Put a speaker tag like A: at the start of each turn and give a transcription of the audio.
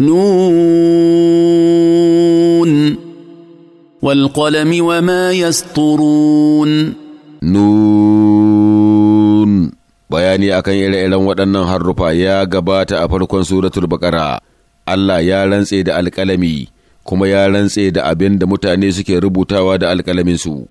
A: نون والقلم وما يسطرون
B: نون bayani akan ire-iren waɗannan harrufa ya gabata a farkon suratul baƙara Allah ya rantse da alƙalami kuma ya rantse da abin da mutane suke rubutawa
C: da alƙalaminsu